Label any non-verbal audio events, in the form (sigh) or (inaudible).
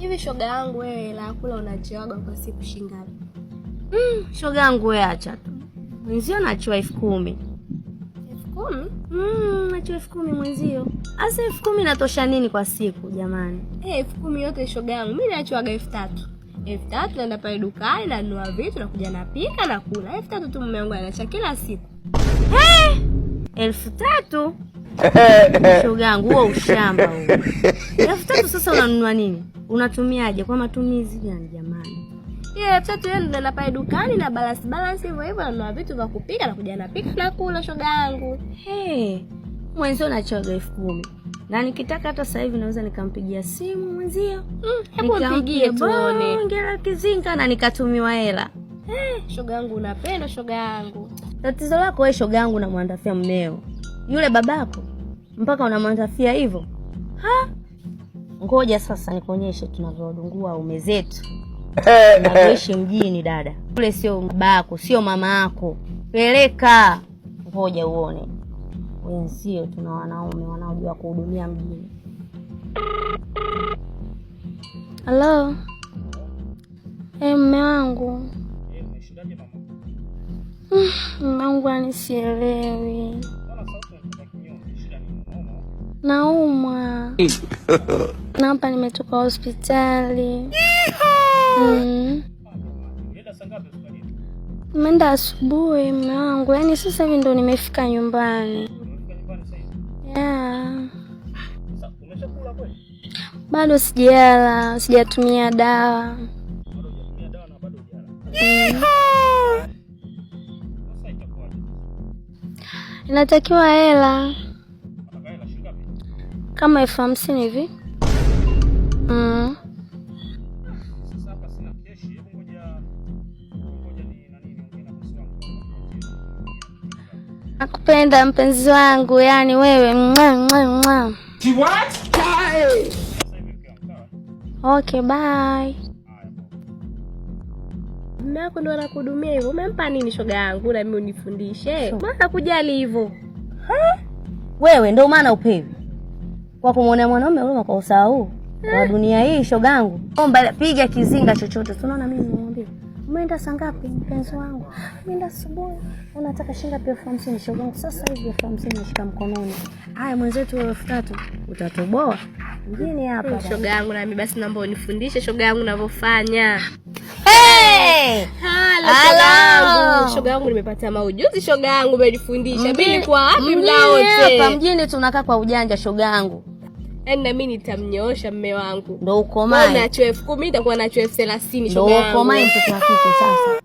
Hivi shoga yangu wewe, la kula unachiwaga kwa siku shingapi? Mm, shoga yangu wewe, acha tu mwenzio nachiwa elfu kumi elfu kumi Mm, nachiwa elfu kumi mwenzio. Asa elfu kumi inatosha nini kwa siku jamani? Eh, elfu kumi yote shoga yangu, mimi nachiwaga elfu tatu elfu tatu naenda pale dukani na nanunua vitu nakuja napika na kula. elfu tatu tu mume wangu anacha kila siku. Hey! Eh, elfu tatu (laughs) shoga yangu, huo ushamba huo. (laughs) elfu tatu sasa unanunua nini? Unatumiaje kwa matumizi gani jamani? Yeah, website yenu ndio napale dukani na balance balance hivyo hivyo na vitu vya kupika na kuja napika na kula shoga yangu. Hey, mwenzio na choga elfu kumi. Na nikitaka hata sasa hivi naweza nikampigia simu mwenzio. Mm, hebu mpigie tuone. Ngera kizinga na nikatumiwa hela. Hey, shoga yangu unapenda shoga yangu. Tatizo lako wewe shoga yangu unamwandafia mmeo. Yule babako mpaka unamwandafia hivyo. Ha? Ngoja sasa nikuonyeshe tunavyodungua ume zetu (laughs) navyoishi mjini. Dada kule sio babako, sio mama yako, peleka. Ngoja uone wenzio, tuna wanaume wanaojua kuhudumia mjini. Halo, hey, eh, mme wangu eh, mme (sighs) wangu anisielewi Naumwa (laughs) na nimetoka hospitali mm. asubuhi mume wangu, yaani sasa hivi ndo nimefika nyumbani yeah. Bado sijala, sijatumia dawa mm. Inatakiwa hela kama elfu hamsini hivi mm. Nakupenda mpenzi wangu, yani wewe mwa mwa mwa. Okay, bye. Mume wako ndo anakuhudumia hivyo, umempa nini shoga yangu? Nami unifundishe, maana kujali hivyo wewe, ndo maana upewi kwa kumwonea mwanaume huyo kwa usahau kwa eh. dunia hii, shogangu, omba piga kizinga chochote. Tunaona mimi nimwambia umeenda saa ngapi mpenzi wangu? Umeenda asubuhi. Unataka shinga elfu hamsini shogangu, sasa hivi elfu hamsini nashika mkononi. Haya mwenzetu, elfu tatu utatoboa mjini hapa eh, shogangu, nami basi naomba unifundishe shogangu navyofanya shoga yangu, nimepata maujuzi shoga yangu, umenifundisha mimi. Kwa wapi mdaote hapa mjini tunakaa kwa ujanja shoga yangu yaani na nitamnyoosha mme wangu, ndo ukomae nacho elfu kumi nitakuwa nacho elfu thelathini shoga ndo ukomae mtoto wa kike sasa